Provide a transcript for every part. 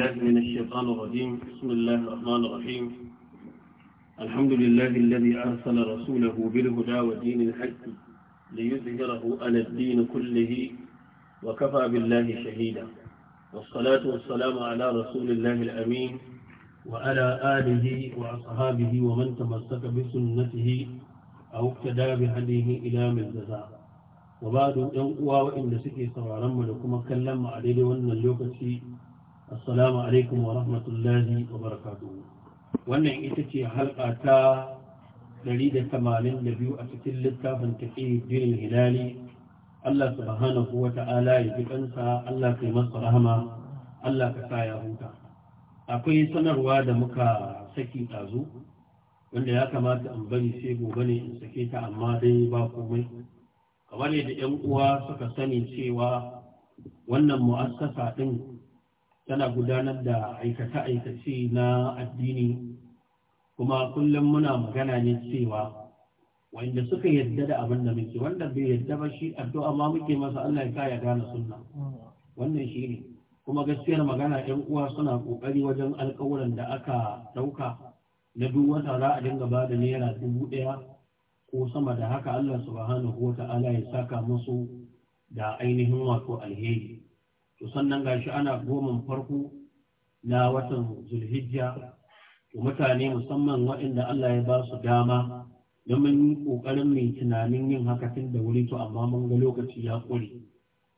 من الشيطان الرجيم بسم الله الرحمن الرحيم الحمد لله الذي أرسل رسوله بالهدى ودين الحق ليظهره على الدين كله وكفى بالله شهيدا والصلاة والسلام على رسول الله الأمين وعلى آله وأصحابه ومن تمسك بسنته أو اقتدى بهديه إلى من جزاء وبعد أن أقوى وإن سكي صغارا ولكم كلم عليه وأن اللوكسي assalamu alaikum wa rahmatullahi wa barakatuhu wannan ita ce halka ta 182 a cikin littafin tafi jirin hilali Allah subhanahu wa ta'ala ya ji ɗansa. Allah kai masa rahama Allah ka sa ya huta akwai sanarwa da muka saki ɗazu wanda ya kamata in bari sai gobe ne in sake ta amma dai ba komai kamar yadda 'yan uwa suka sani cewa wannan mu'assasa ɗin tana gudanar da aikace-aikace na addini kuma kullum muna magana ne cewa wanda suka yarda da abin da muke wanda bai yarda ba shi addu'a ma muke masa Allah ya ya gane sunna wannan shi ne kuma gaskiyar magana ɗan uwa suna ƙoƙari wajen alƙawuran da aka ɗauka na duk wata za a dinga bada naira dubu ɗaya ko sama da haka Allah subhanahu wa ta'ala ya saka musu da ainihin wato alheri to sannan gashi ana goman farko na watan zulhijja to mutane musamman waɗanda Allah ya ba su dama don mun ƙoƙarin mai tunanin yin haka tun da wuri to amma mun ga lokaci ya ƙure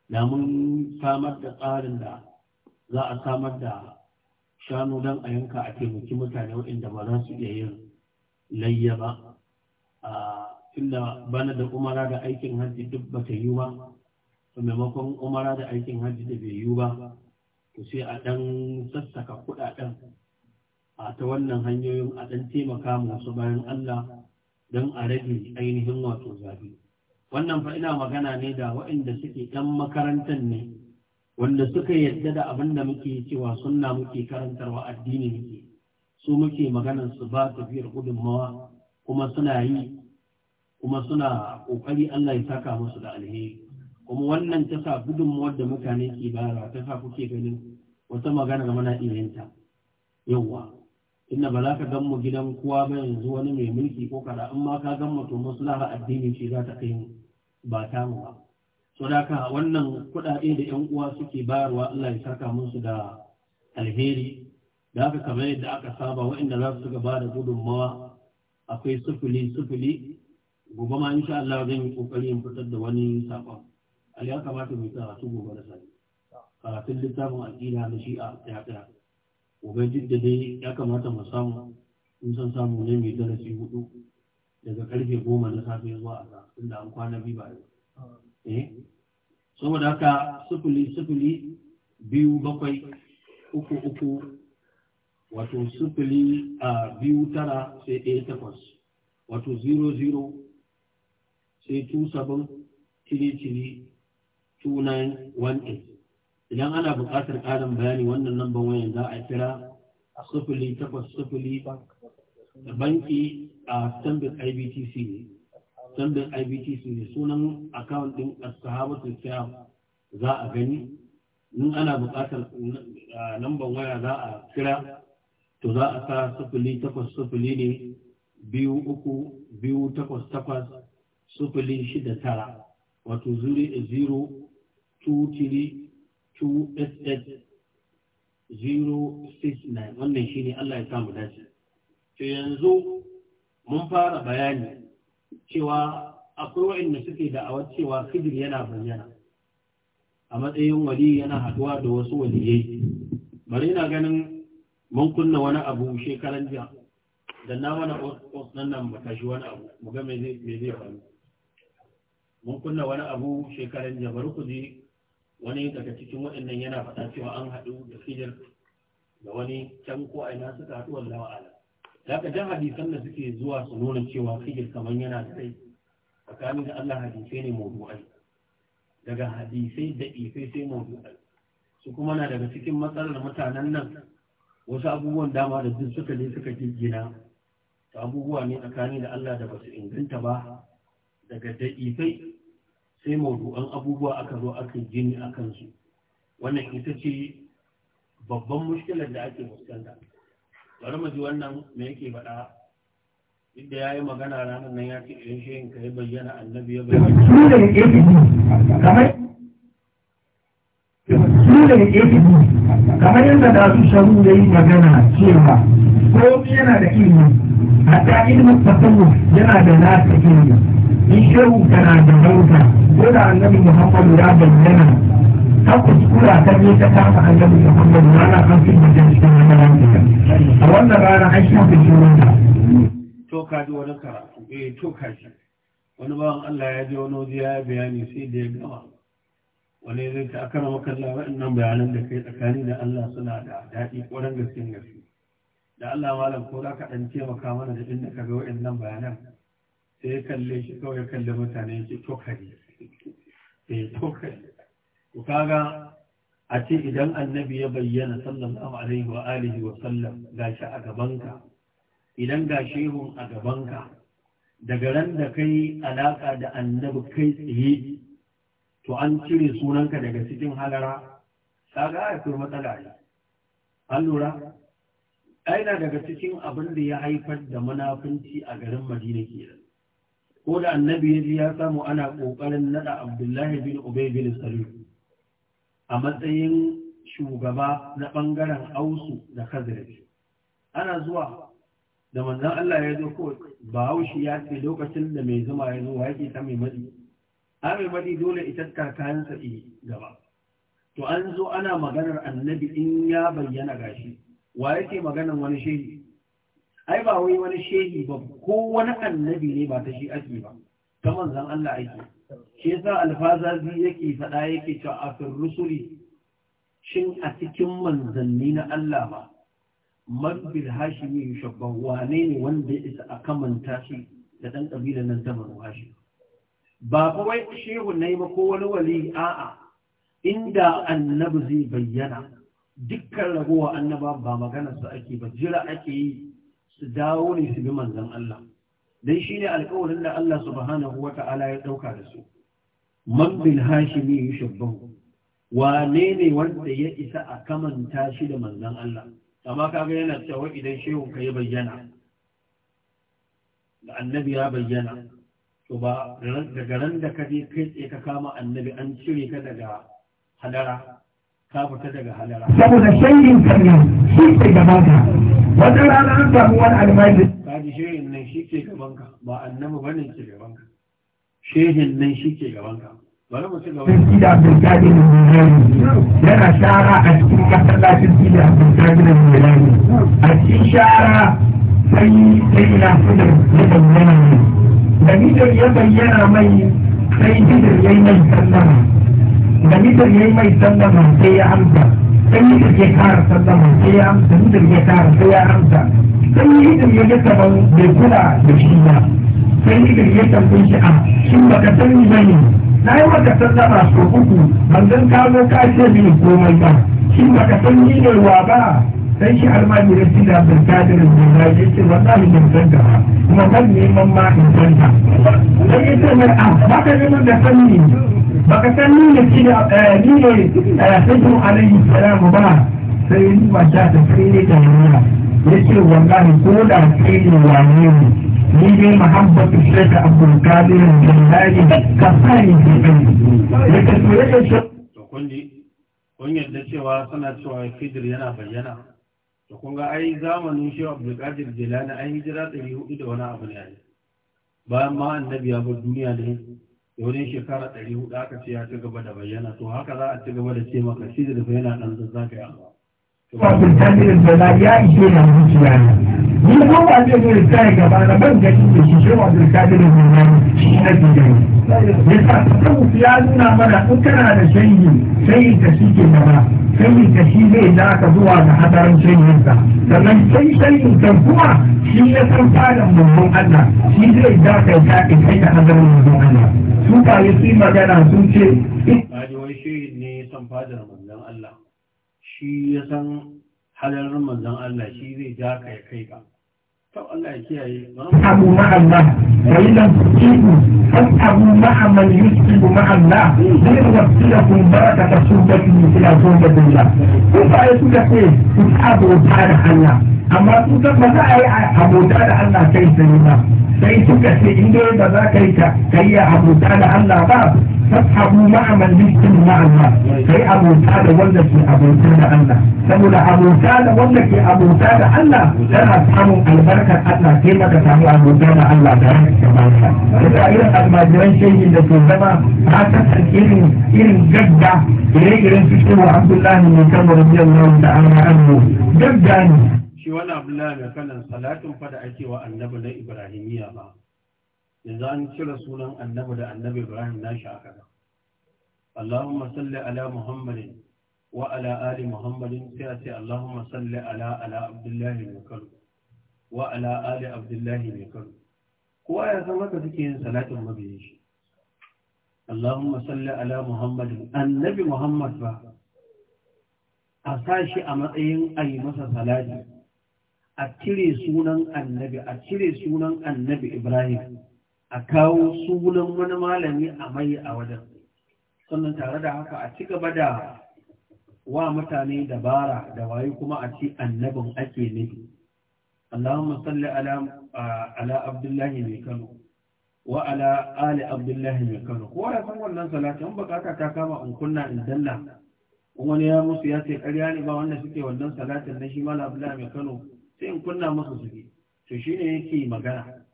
da mun samar da tsarin da za a samar da shanu don a yanka a taimaki mutane waɗanda ba za su iya yin layya ba ah, tunda bana da umara da aikin hajji duk ba ta yi ba to maimakon umara da aikin hajji da bai yiwu ba to sai a ɗan sassaka kuɗaɗen a ta wannan hanyoyin a ɗan taimaka masu bayan Allah don a rage ainihin wato zafi. Wannan fa ina magana ne da waɗanda suke ɗan makarantar ne wanda suka yadda da abin da muke cewa sunna muke karantarwa addini muke su muke maganar su ba tafiyar gudunmawa kuma suna yi kuma suna ƙoƙari Allah ya saka musu da alheri. kuma wannan ta sa gudunmuwar da mutane ke bayarwa ta sa kuke ganin wata maganar mana iyanta yawwa inda ba za ka gan mu gidan kowa ba yanzu wani mai mulki ko kada in ma ka gan mu to maslahar addini ce za ta kai mu ba ta mu ba so da ka wannan kuɗaɗe da yan uwa suke bayarwa Allah ya saka musu da alheri da aka kamar yadda aka saba waɗanda za su ga da gudunmawa akwai sufuli sufuli gobe ma insha Allah zan yi kokari in fitar da wani sakon a ya kamata mai karatu gobe da sani karatun littafin aƙida na shi'a ya ɗaya gobe duk da dai ya kamata mu samu in san samu ne mai darasi hudu daga karfe goma na safe zuwa a inda an kwana biyu ba eh saboda haka sufuli sufuli biyu bakwai uku uku wato sufuli a biyu tara sai ɗaya takwas wato zero zero sai two seven three 2918 idan ana buƙatar ƙarin bayani wannan lambar wayan za a kira a sufuli takwas sufuli da banki a stanbic ibtc ne stambin ibtc ne sunan akawun ɗin sahabatul kyam za a gani in ana buƙatar lambar waya za a kira to za a sa sufuli takwas sufuli ne biyu uku biyu takwas takwas sufuli shida tara wato zero zero six 069 wannan shi ne Allah ya samu dace. To yanzu mun fara bayani cewa akwai waɗanda suke da'awar cewa Khidir yana bayyana a matsayin wali yana haɗuwa da wasu waliyai. Bari na ganin mun kunna wani abu shekaran jiya. Da na mana nan nan mu tashi wani abu, mu ga me zai faru. Mun kunna wani abu shekaran jiya, bari ku ji wani daga cikin waɗannan yana faɗa cewa an haɗu da hijir da wani can ko aina suka haɗu wallahu ala da ka jan hadisan da suke zuwa su nuna cewa hijir kamar yana da kai tsakanin da Allah hadisai ne mawdu'ai daga hadisai da ifai sai mawdu'ai su kuma na daga cikin matsalar mutanen nan wasu abubuwan dama da duk suka je suka jirgina abubuwa ne tsakanin da Allah da basu inganta ba daga da'ifai sai mawdu'an abubuwa aka zo aka gini a kansu wannan ita ce babban mushkilar da ake fuskanta bari mu ji wannan me yake faɗa inda ya yi magana ranar nan ya ce idan eh, shi ka kai bayyana annabi ya bayyana su da kamar su da yadda da su shanu da yi magana cewa ko yana da ilimi a ilimin fasahu yana da nasa ilimin ni shehu kana da rauta da annabi muhammadu ya bayyana ta kuskura ta ne ta kama annabi muhammadu rana an fi mutum cikin wani lafiya a wannan rana an shafi jiwonta to ka ji wani karatu eh to ka shi wani bawan Allah ya je wani waje ya yi bayani sai da ya gama wani zai ta akara makalla nan bayanan da kai tsakani da Allah suna da daɗi ƙwarar gaske gaske da Allah malam ko za ka ɗan taimaka mana da inda ka ga nan bayanan sai ya kalle shi kawai ya kalle mutane ya ce tokari eh tokari Ku kaga a ce idan annabi ya bayyana sallallahu alaihi wa alihi wa sallam gashi a gabanka idan ga shehun a gabanka daga ran da kai alaka da annabi kai tsaye to an cire sunanka daga cikin halara kaga akwai matsala ne an lura aina daga cikin abin da ya haifar da munafunci a garin madina kenan ko da annabi ya ji ya samu ana ƙoƙarin naɗa abdullahi bin ubay bin salim a matsayin shugaba na ɓangaren ausu da kazirci ana zuwa da manzon Allah ya zo ko bahaushe ya ce lokacin da mai zuma ya zo yake ta mai madi a mai madi dole ita kayansa i gaba to an zo ana maganar annabi in ya bayyana gashi wa yake maganar wani shehi ai ba wai wani shehi ba ko wani annabi ne ba ta shi ba ta manzan Allah ake shi yasa alfazazi yake faɗa yake cewa a rusuli shin a cikin manzanni na Allah ba marbil hashimi shabban, wane ne wanda ya isa a kamanta shi da ɗan ƙabilar nan ta manu shi. ba kawai shehu na yi ba ko wani wali a'a inda annabi zai bayyana dukkan ragowa annaba ba maganarsa ake ba jira ake yi su dawo ne su bi manzan Allah dan shine alƙawarin da Allah subhanahu wata'ala ya ɗauka da su man bil hashimi yushabbahu wane ne wanda ya isa a kamanta shi da manzan Allah amma ga yana cewa idan shehun ka ya bayyana da annabi ya bayyana to ba daga ran da ka je kai tsaye ka kama annabi an cire ka daga hadara, ka fita daga hadara. saboda shayin karya shi ke gabata. wata rana an samu wani almajir kaji shehin nan shi ke gabanka ba annabi ba ne ke gabanka shehin nan shi ke gabanka bari mu ci gaba da abdulkadir yana shara a cikin masallacin sida abdulkadir milani a cikin shara sai sai na fudar ya bayyana ne da mitar ya bayyana mai sai bidar ya yi mai sallama da mitar ya yi mai sallama sai ya amsa dan yi da ke kara sallama sai ya amsa ni da ke kara sai ya amsa dan yi da ke ga taban bai kula da shi ba sai yi da ke tambaye shi a shin baka sani ba ne na yi maka sallama so uku ban zan kawo ka ce mini komai ba shin baka san ni ne wa ba sai shi almajin da sida bin kadirin bin zaje ce wallahi ban san da ba kuma ban neman ma in san ta sai ya ce mai a baka neman da sanni baka san ni ne shi da eh, ni ne hajjin eh, alayhi salamu ba sai ni ba ta ta sai ne da yana yace wallahi ko da kai ne wani ne ni dai mahabbatu shaykh abdul qadir billahi ka sani ne yake to yake to kun kun yadda cewa suna cewa fijir yana bayyana to kun ga ai zamanin shi abdul qadir jilani ai hijira 400 da wani abu ne bayan ma annabi ya bar duniya ne wurin shekara ɗari hudu aka ce ya ci gaba da bayyana to haka za a ci gaba da ce maka shi da bayyana ɗan zazzaka ba wato jami'in da na ya ishe na zuciya ne ni ko ba zai zo ya tsaya gaba na ban da shi shi shi wato jami'in da na shi na gida ne ya sa sabu ya nuna mana in kana da shayi shayi ta shi ke gaba shayi ta shi zai da aka zuwa ga hadarin shayin sa sannan sai shayin ta kuma shi ya san fadan mummon Allah shi zai da ka ya kai da hadarin mummon Allah su ba yi magana sun ce. Ba ne wai shayi ne san fadar mummon Allah. shi ya san halar Allah shi zai ja ka ya kai ka. Sau Allah ya kiyaye. Abu ma'amma, wani nan kiku, an abu ma'amman yi kiku wasu da kun baraka ta su da kiku suna zuwa da duniya. Kun ba su da ke su abota da hanya, amma su ka ba za a yi abota da Allah kai sani ba. Sai su ka ce, inda ba za ka yi abota da Allah ba, تسحبوا مع من يجتم مع الناس في أبو سعد ولك يا أبو سعد أنا سمونا أبو سعد ولك يا أبو سعد أنا لنا أسحبوا البركة أنا كيف تسحبوا أبو سعد أنا دائم كمان إذا إلا قد ما جرين شيء إذا تنزمى حاسسا إلي إلي جدا إلي إلي تشتم عبد الله من يتم رضي الله تعالى عنه جدا شوانا أبلانا كان صلاة فدأتي وأن نبنى إبراهيمية yanzu an cire sunan annabi da annabi ibrahim nashi a kaza allahumma salli ala muhammadin wa ala ali muhammadin sai a ce allahumma salli ala ala abdullahi mai kano wa ala ali abdullahi mai kano kowa ya san haka suke yin salatin mabiyin shi allahumma salli ala muhammadin annabi muhammad ba a sashi a matsayin a yi masa salati a cire sunan annabi a cire sunan annabi ibrahim a kawo sunan wani malami a mai a wajen sannan tare da haka a ci gaba da wa mutane dabara da waye kuma a ci annabin ake nufi Allahumma salli ala ala Abdullahi mai Kano wa ala ali Abdullahi mai Kano ko da san wannan salati an bukata ta kama in kunna in danna wani ya musu ya ce ƙarya ne ba wanda suke wannan salatin na shi mala Abdullahi mai Kano sai in kunna musu suke. to shine yake magana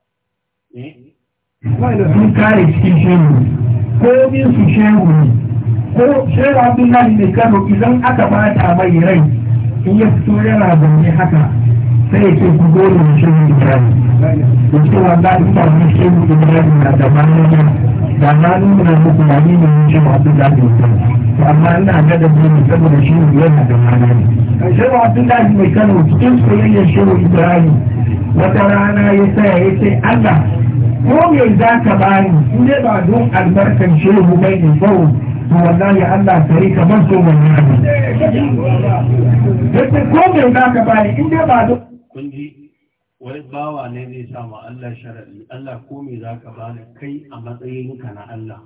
eh sun kare cikin shehu ko min su shehu ne ko shehu abdullahi mai kano idan aka bata mai rai in ya fito yana zaune haka sai ya ce ku gole da shehu ibrahim da ce wanda an samu shehu ibrahim na da manoma da na nuna muku na ni ne shehu abdullahi mai kano amma ina ga da mu saboda shehu yana da manoma shehu abdullahi mai kano cikin soyayyar shehu ibrahim wata rana ya tsaya ya ce allah ko me za ka bani in dai ba don albarkan shehu mai ne kyau to wallahi Allah ta ka ban so mun yi ko me za ka bani in dai ba don kun ji wai bawa ne zai sa ma Allah sharadi Allah ko me za ka bani kai a matsayinka na Allah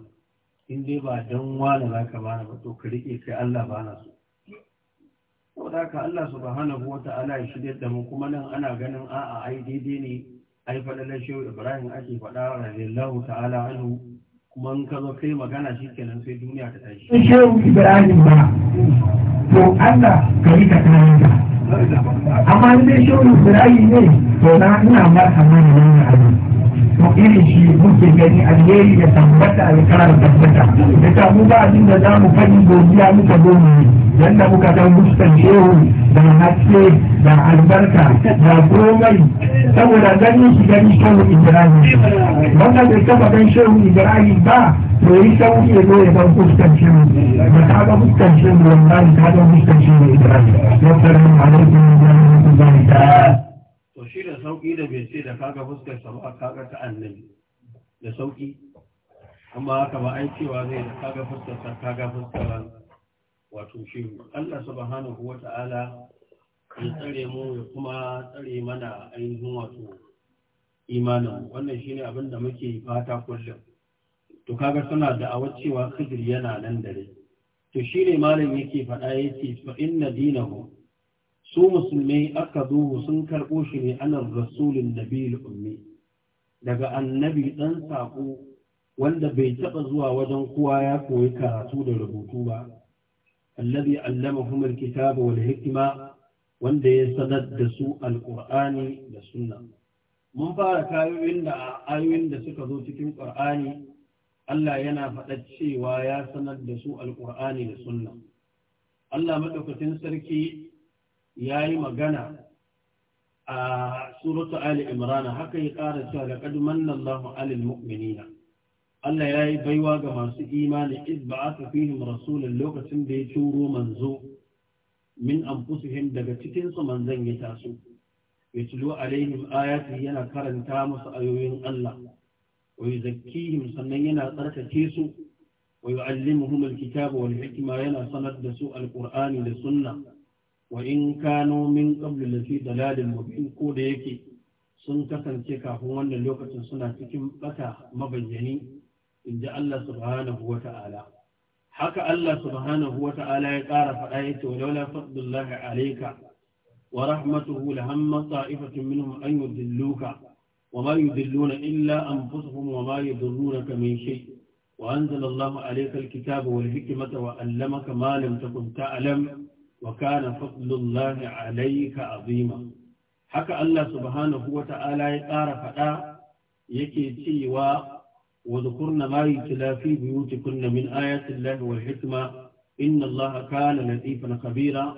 in dai ba don wani za ka bani ba to ka rike kai Allah bana so saboda haka Allah subhanahu wata ala ya shirya da mu kuma nan ana ganin a'a ai daidai ne ai fadalar shehu ibrahim ake faɗa radiyallahu ta'ala anhu kuma in ka zo kai magana shi kenan sai duniya ta tashi shehu ibrahim ba to allah ka yi ka kayan ka amma in dai shi ibrahim ne to na ina marhama da wannan abu to irin shi muke gani alheri da tabbata alkarar tabbata da ta mu ba abin da za mu fadi godiya muka zo mu yi yadda kuka ga mustan shehu da haske da albarka da komai saboda ganin shi gani shehu ibrahim wanda bai taba gan shehu ibrahim ba to yi sauki ya zo ya ga mustan shehu ba ta ga mustan shehu wallahi ta ga mustan shehu ibrahim wassalamu alaikum wa rahmatullahi ta'ala to shi da sauki da bai ce da kaga fuskar sa ba kaga ta annabi da sauki amma haka ba ai cewa zai da kaga fuskar sa kaga fuskar wato shi Allah subhanahu wa ta'ala ya tsare mu ya kuma tsare mana ainihin wato imanin wannan shine abin da muke fata kullum to kaga suna da cewa Khidir yana nan dare to shi ne malam yake faɗa yake fa inna dinahu su musulmai aka zo sun karɓo shi ne anan rasulun nabiyul ummi daga annabi dan sako wanda bai taɓa zuwa wajen kowa ya koyi karatu da rubutu ba الذي علمهم الكتاب والحكمة wanda ya sanar da su alƙur'ani da sunna mun fara kayoyin da ayoyin da suka zo cikin ƙur'ani Allah yana faɗa cewa ya sanar da su alƙur'ani da sunna Allah madaukakin sarki ya yi magana a suratu Ali Imran haka ya ƙara cewa laqad manna Allahu 'alal mu'minina Allah ya yi baiwa ga masu imani iz ba aka fihim rasulun lokacin da ya turo manzo min anfusihim daga cikinsu manzon ya taso ya alaihim ayati yana karanta musu ayoyin Allah wa yuzakkihim sannan yana tsarkake su wa yu'allimuhum alkitaba wal hikima yana sanar da su alqur'ani da sunna wa in kanu min qablu lafi dalalin mubin ko da yake sun kasance kafin wannan lokacin suna cikin ɓata mabayyani in ji Allah subhanahu wa ta'ala haka Allah subhanahu wa ta'ala ya ƙara faɗa ya ce walaula fadlullahi alaika wa rahmatuhu la hamma ta'ifatun minhum an yudilluka wa ma yudilluna illa an wa ma ka min shi wa anzala Allahu alayka alkitaba wal hikimata wa 'allamaka malam ta takun ta'lam wa kana fadlullahi alaika 'azima haka Allah subhanahu wa ta'ala ya ƙara faɗa yake cewa وذكرن ما يتلى في بيوتكن من آيات الله والحكمة إن الله كان لطيفا خبيرا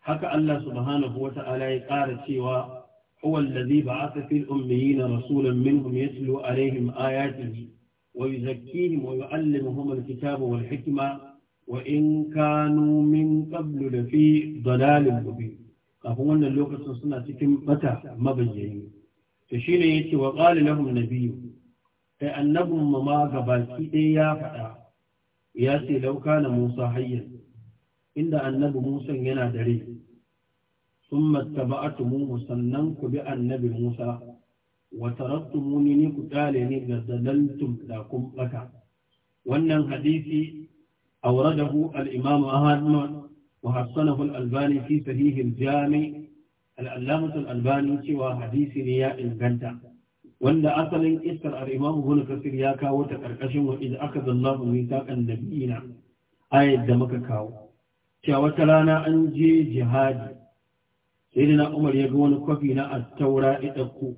حكى الله سبحانه وتعالى قال سوى هو الذي بعث في الأميين رسولا منهم يتلو عليهم آياته ويزكيهم ويعلمهم الكتاب والحكمة وإن كانوا من قبل لفي ضلال مبين أهون اللوكس سنة كم متى مبين فشين يتي وقال لهم نبيه kai annabin mu ma gabaki ɗaya ya faɗa ya ce lauka na Musa hayyan inda annabi Musa yana da sun sun mattaba'atumu sannan ku bi annabi Musa wa taraktumuni ni ku ni ga dalaltum da kun baka wannan hadisi awradahu al-imam Ahmad wa hasanahu al-Albani fi sahih jami albani cewa hadisi ne ya inganta wanda asalin iskar al'imamu hulu kasir ya kawo ta ƙarƙashin wa idan aka zalla mu yi taƙan da biyina da muka kawo cewa wata rana an je jihadi sai da na umar ya ga wani kwafi na attaura idakku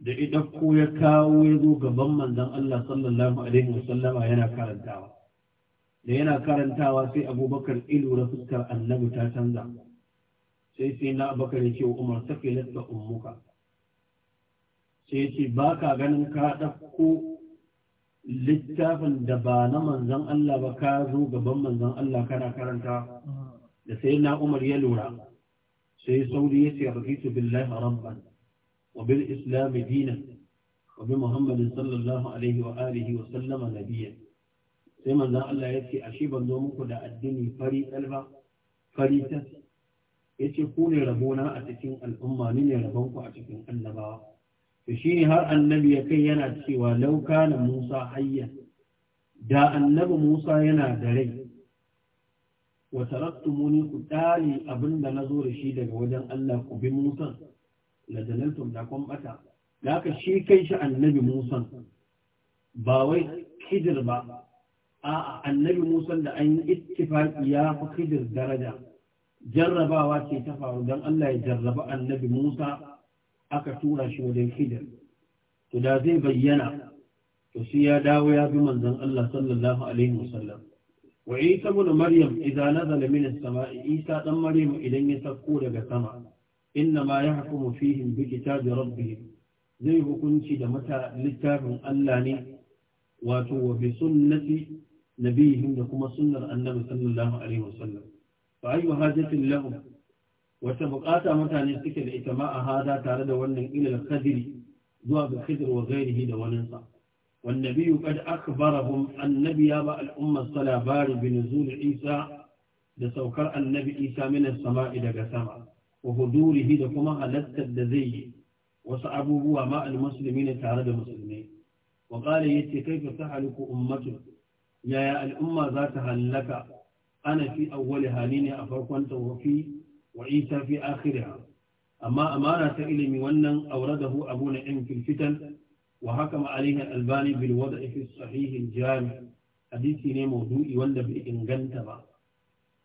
da idakku ya kawo ya zo gaban manzan Allah sallallahu alaihi wasallama yana karantawa da yana karantawa sai abubakar ilura fuskar annabi ta canza sai sai na abubakar ya ce wa umar sakilat ka ummuka sai ce ba ka ganin ka ɗauko littafin da ba na manzan Allah ba ka zo gaban manzan Allah kana karanta da sai na Umar ya lura sai sauri ya ce rafitu billahi rabban wa bil islam dinan wa bi muhammadin sallallahu alaihi wa alihi wa sallama nabiyyan sai manzan Allah ya ce ashe ban zo muku da addini fari ɗalba fari tas ya ce ku ne rabona a cikin al'umma ni ne rabon ku a cikin annabawa to har annabi ya kai yana cewa lauka na Musa hayya da annabi Musa yana da rai wa muni ku tali abinda zo da shi daga wajen Allah ku bi Musa la dalaltum da kun bata da haka shi kai shi annabi Musa ba wai Khidir ba a'a annabi Musa da an yi ittifaqi ya fi kidir daraja jarrabawa ce ta faru don Allah ya jarraba annabi Musa aka tura shi wajen hijir to da zai bayyana to sai ya dawo ya bi manzon Allah sallallahu alaihi wasallam wa isa ibn maryam idza nazala min as-sama'i isa dan maryam idan ya sauko daga sama inna ma yahkumu fihim bi kitabi rabbihim zai hukunci da mata littafin Allah ne wato wa bi sunnati nabihim da kuma sunnar annabi sallallahu alaihi wasallam fa ayu hajatin lahum wata bukata mutane suke da ita ma a hada tare da wannan ilil khadiri zuwa ga khidr wa ghairihi da wani sa wan nabiyyu qad akhbarahum annabi ya ba al'ummar umma salabari bi nuzul isa da saukar annabi isa min sama'i daga sama wa hudurihi da kuma halartar da zai yi wasu abubuwa ma al muslimin tare da musulmi wa qala yace kaifa tahaliku ummatu ya ummatu. Yaya al'umma za ta halaka ana fi awwal halini a farkon tawfi wa ta fi akhiriha amma amana ta ilimi wannan aure auradahu abu na in fil fitan wa hakama alaiha albani bil wada'i fi sahih al jami hadisi ne maudu'i wanda bai inganta ba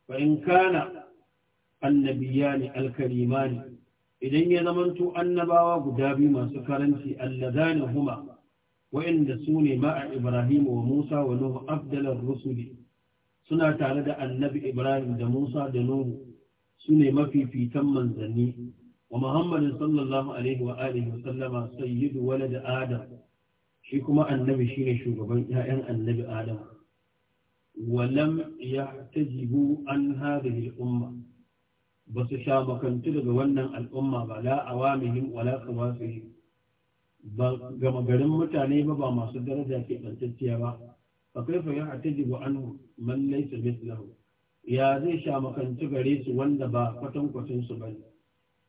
fa in kana annabiyani alkarimani idan ya zamanto annabawa guda biyu masu karanci alladana huma wa'inda su ne ma'a ibrahim wa musa wa nuhu afdalar rusuli suna tare da annabi ibrahim da musa da nuhu sune mafifitan manzanni wa Muhammadin sallallahu alaihi wa alihi wa sallama sayyidu da Adam shi kuma annabi shine shugaban 'ya'yan annabi Adam ولم يحتجبوا عن هذه الأمة بس شابكن تلغ ونن الأمة بلا عوامهم ولا خوافهم gama garin mutane ba ba masu daraja ke ɓantacciya ba fa kaifa ya jibu anhu man laysa mithlahu ya zai sha makanci gare su wanda ba kwatankwacin su bane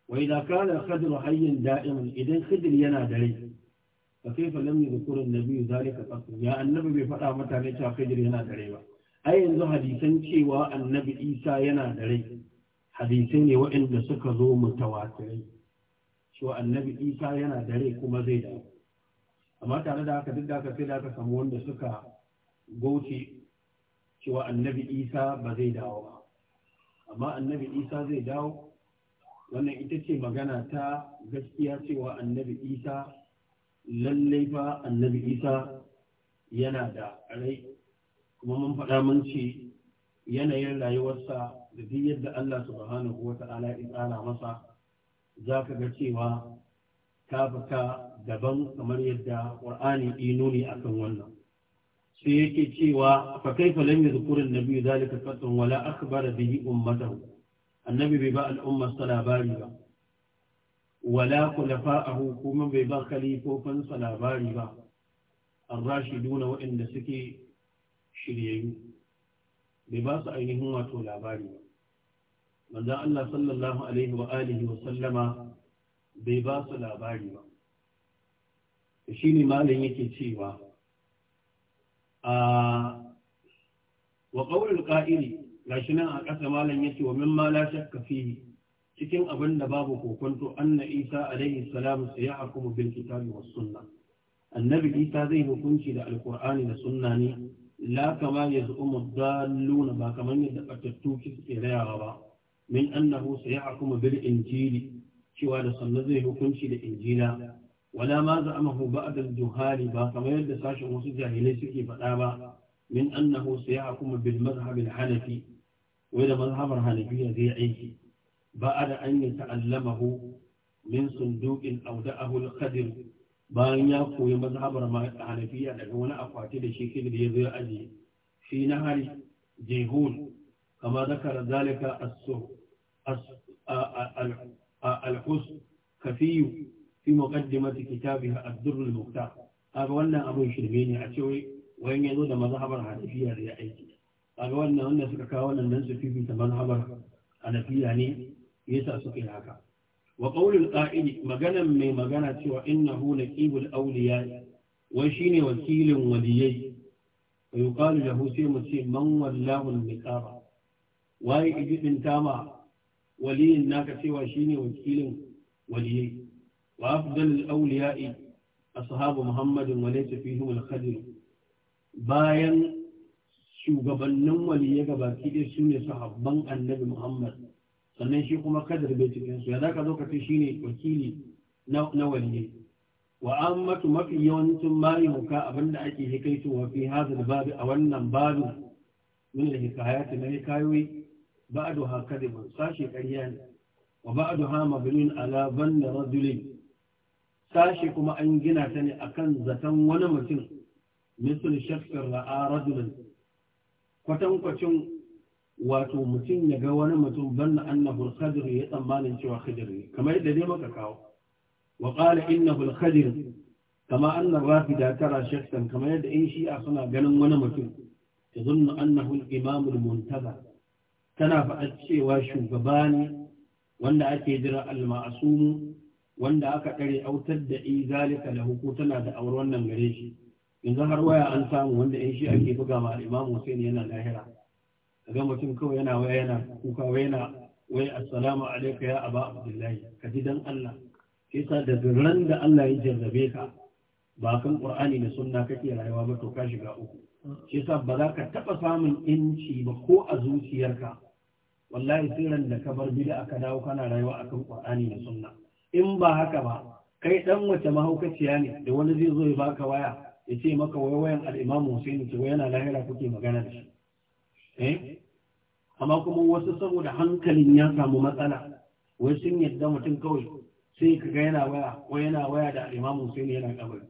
wai da kana khadr hayyin da'iman idan khidr yana da rai fa kaifa lam yadhkur an-nabi zalika qat ya annabi bai faɗa mutane cewa khidr yana da rai ba ai yanzu hadisan cewa annabi isa yana da rai hadisai ne waɗanda suka zo mutawatirai cewa annabi isa yana da rai kuma zai dawo amma tare da haka duk da haka sai da aka samu wanda suka goce cewa annabi isa ba zai dawo ba amma annabi isa zai dawo wannan ita ce magana ta gaskiya cewa annabi isa lallai fa annabi isa yana da rai kuma mun faɗa mun ce yanayin rayuwarsa da duk yadda Allah subhanahu wa ta'ala ya tsara masa za ka ga cewa ta fita daban kamar yadda ƙur'ani a akan wannan sai yake cewa fa kaifa lam yadhkur an-nabi zalika qatun wala akhbara bihi ummatahu annabi bai ba al'umma sa labari ba wala khulafa'ahu kuma bai ba khalifofin sa labari ba ar-rashiduna waɗanda suke shiryayyu bai ba su ainihin wato labari ba manzo Allah sallallahu alaihi wa alihi wa sallama bai ba su labari ba shi ne malin yake cewa wa ƙaunar ƙa'iri gashi nan a ƙasa malam yake wa min la shakka fihi cikin abin da babu kokonto anna isa alaihi salam sai ya hukumu bil kitabi was sunna annabi isa zai hukunci da alqur'ani da sunna ne la kama yaz'umu dalluna ba kaman yadda batattu suke rayawa ba min annahu sai ya hukumu bil injili cewa da sunna zai hukunci da injila ولا ما زعمه بعد الجهال باقما يد ساشا مصد جاهلي سكي فتابا من أنه سيحكم بالمذهب الحنفي وإذا مذهب الحنفي يزيعيه بعد أن يتعلمه من صندوق أودعه القدر بان يقو مذهب رما الحنفي لأنه أقاتل شكل بيضيع أجي في نهر جيهون كما ذكر ذلك السر الحسن كفي fi muqaddimati kitabiha ad-durr al-muqta kaga wannan abun shirme ne a cewa wayan yazo da mazhabar hanafiya da ya aiki kaga wannan wanda suka kawo nan nan su fifita mazhabar hanafiya ne yasa suka yi haka wa qaulul qa'ili maganan mai magana cewa innahu naqibul awliya wai shine wakilin waliyai wa yuqalu lahu sai mu ce man wallahu al-niqaba waye ijibin tama waliyin naka cewa shine wakilin waliyai وأفضل الأولياء أصحاب محمد وليس فيهم الخدر bayan shugabannin waliya gabaki ɗaya su ne sahabban annabi Muhammad sannan shi kuma kadar bai cikin su ya za ka zo ka ce shi ne wakili na waliya wa ammatu mafi yawancin mari muka abinda ake hikaitowa fi hazal babu a wannan babu min da hikayati na hikayoyi ba'adu ha kadiban sashe ƙarya ne wa ba'adu ha alaban ala banna rajulin sashi kuma an gina ta ne a kan zaton wani mutum misal shakkar ra'a rajulan kwatankwacin wato mutum ya ga wani mutum banna annahu al-khadir ya tsammanin cewa khadir ne kamar yadda ne maka kawo wa qala innahu al-khadir kama anna rafida tara shakkan kamar yadda in shi'a suna ganin wani mutum ya zunnu annahu al-imam al-muntaza tana faɗa cewa shugaba ne wanda ake jira al-ma'sum wanda aka ɗare autar da in zalika lahu ko tana da aure wannan gare shi yanzu har waya an samu wanda yan shi ake buga ma imamu Hussein yana lahira ga mutum kawai yana waya yana kuka waya yana waya assalamu alaika ya aba abdullahi ka ji dan Allah yasa da zirran da Allah ya jarrabe ka ba kan Qur'ani da sunna kake rayuwa ba to ka shiga uku yasa ba za ka taɓa samun inci ba ko a zuciyarka wallahi sirran da ka bar bid'a ka dawo kana rayuwa akan Qur'ani da sunna in ba haka ba kai dan wace mahaukaciya ne da wani zai zo ya baka waya ya ce maka wai wayan al-Imam Hussein ce wai yana lahira kuke magana da shi eh amma kuma wasu saboda hankalin ya samu matsala wai sun yadda mutum kawai sai ka ga yana waya wai yana waya da al-Imam Hussein yana kabari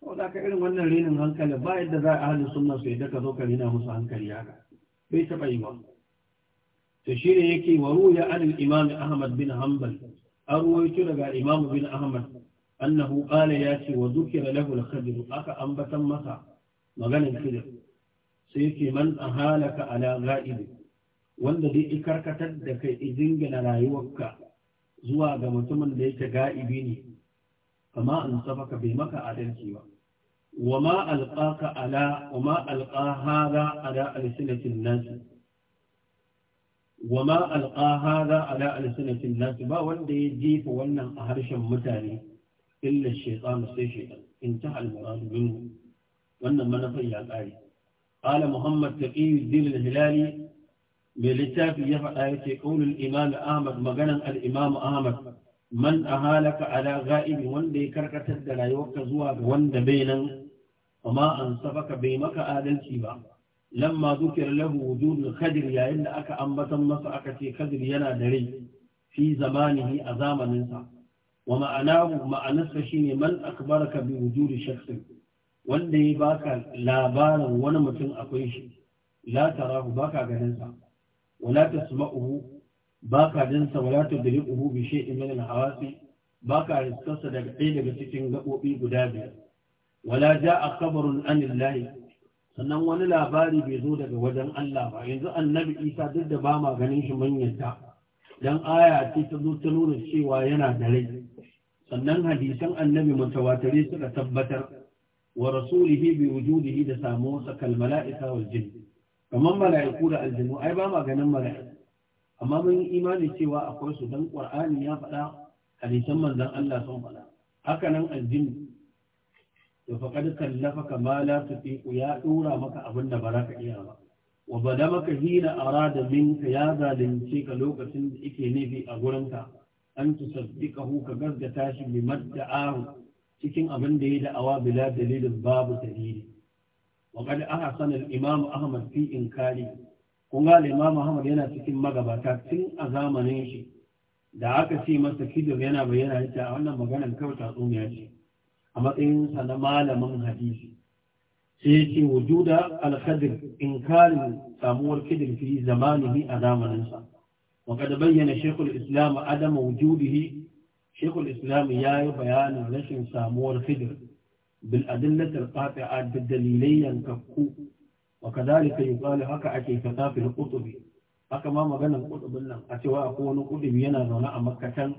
ko da ka irin wannan renin hankali ba yadda za a hali sunna su yadda ka zo ka rina musu hankali haka bai taba yi ba to shi ne yake wa ruya al-Imam Ahmad bin Hanbal an ruwaito daga imamu bin ahmad annahu qala ya ce wa zukira lahu al aka ambatan masa maganar khidr sai yake man ahalaka ala ga'ib wanda dai ikarkatar da kai idingina rayuwarka zuwa ga mutumin da yake ga'ibi ne kama an safaka bai maka adalci ba wa ma alqaka ala wa ma alqa ala alsinatin nasi wa ma alqa hadha ala alsanatin nas ba wanda ya jefa wannan a harshen mutane illa shaytan sai shaytan intaha almurad minhu wannan manafin ya kare qala muhammad taqiyuddin al-hilali mai littafi ya faɗa ya ce ƙaunin imam ahmad maganan al'imam ahmad man a halaka ala ga'ibi wanda ya karkatar da rayuwarka zuwa ga wanda bai nan amma an sabaka bai maka adalci ba lamma zukira lahu wujudul kadir yayin da aka ambatan masa aka ce kadir yana da rai fi zamanihi a zamaninsa wa ma'anahu ma'anarsa shine man akbaraka bi wujudi shakhsin wanda ya baka labarin wani mutum akwai shi la tarahu baka ganin sa wala tasma'uhu baka jin sa wala tudriquhu bi shay'in min al-hawasi baka riskarsa daga ɗaya daga cikin gaɓoɓi guda biyar wala ja'a khabarun anillahi sannan wani labari bai zo daga wajen Allah ba yanzu annabi isa duk da ba ma ganin shi manyanta dan aya ce ta zo ta nuna cewa yana da rai sannan hadisan annabi mutawatire suka tabbatar wa rasulihi bi wujudihi da samu sa kal mala'ika wal jinn kamar mala'iku da aljinu ai ba ma ganin mala'iku amma mun yi imani cewa akwai su dan qur'ani ya faɗa hadisan manzon Allah sun faɗa haka nan aljinu to faqad kallafaka ma la tutiqu ya dora maka abin da ba za ka iya ba wa bada maka hina arada minka ya zalunce ka lokacin da yake nufi a ka an tusaddiqahu ka gaggata shi bi madda'ahu cikin abin da ya da'awa bila dalilin babu dalili wa qad ahsana al-imam ahmad fi inkari kun ga imam ahmad yana cikin magabata tun a zamanin shi da aka ce masa kidir yana bayyana ta wannan maganar kawai tatsuniya ce a matsayinsa na malamin hadisi sai ya wujuda wujuda in inkarin samuwar kidir fi zamanihi a zamaninsa wa kada bayyana shekul islam adama wujudihi shekul islam ya yi bayanin rashin samuwar kidir bil adillatar qati'a da dalilai yankakku wa kadalika yuqalu haka ake fata fil haka ma maganar qutubin nan a cewa ko wani qutubi yana zaune a makkatan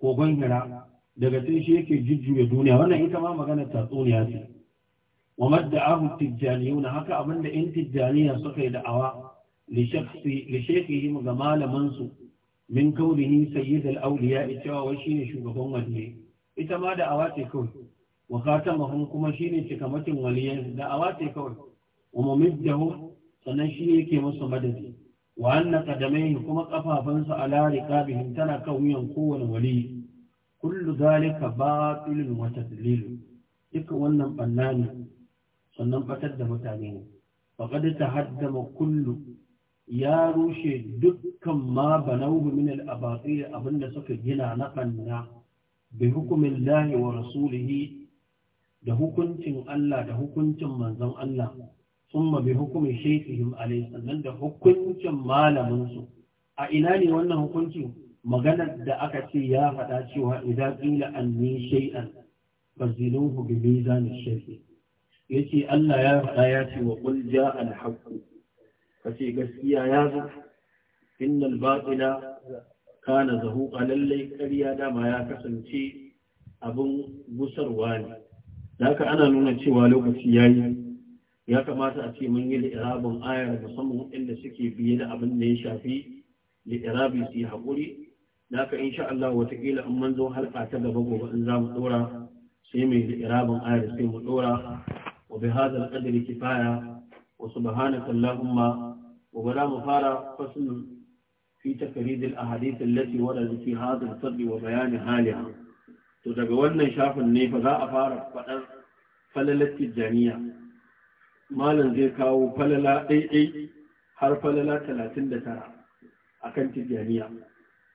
kogon hira daga tun shi yake jujjuya duniya wannan ita ma magana tatsuniya ce wa madda'ahu na haka abinda in tijjaniya suka yi da'awa li shakhsi li ga malaman su min kaunihi sayyid al-awliya cewa wai shine shugaban waliyi ita ma da'awa ce kawai wa khatamahum kuma shine cikamatin waliyan da'awa ce kawai wa mamiddahu sannan shi yake musu madadi wa anna qadamayhi kuma kafafansu ala riqabihim tana kan wuyan kowane waliyi kullu zalika batilun wa tadlil duka wannan banna ne sannan batar da mutane ne faqad tahaddama kullu ya rushe dukkan ma banawhu min al-abatil abinda suka gina na banna bi hukumin lahi wa rasulihi da hukuncin Allah da hukuncin manzon Allah summa bi hukumin shaykhihim alayhi sannan da hukuncin malamin su a ina ne wannan hukuncin maganar da aka ce ya faɗa cewa idan ƙila an ni shay'an faziluhu bi mizan Ya yace Allah ya faɗa ya ce wa qul kace gaskiya ya zo innal batila kana zahu, lallai ƙarya dama ya kasance abin gusarwa ne haka ana nuna cewa lokaci yayi ya kamata a ce mun yi li'irabin ayar musamman inda suke biye da abin da ya shafi li'irabi su yi haƙuri naka insha Allah watakila in manzo zo ta gaba gobe in za mu dora sai mai irabin ayar sai mu dora wa bi hadha al kifaya wa subhanaka allahumma wa bala mu fara fasl fi takrid al-ahadith allati warada fi hadha al wa bayan haliha to daga wannan shafin ne fa za a fara faɗar falalat tijaniya malam zai kawo falala ɗaiɗai har falala talatin da tara akan tijaniya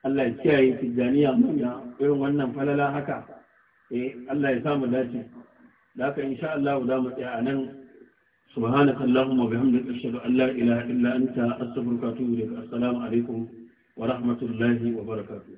Allah ya kiyaye tijjaniya manya irin wannan falala haka eh Allah ya samu dace da haka insha Allah za mu tsaya anan nan subhanaka allahumma wa bihamdika ashhadu an la ilaha illa anta astaghfiruka wa atubu ilaik assalamu alaikum wa rahmatullahi wa barakatuh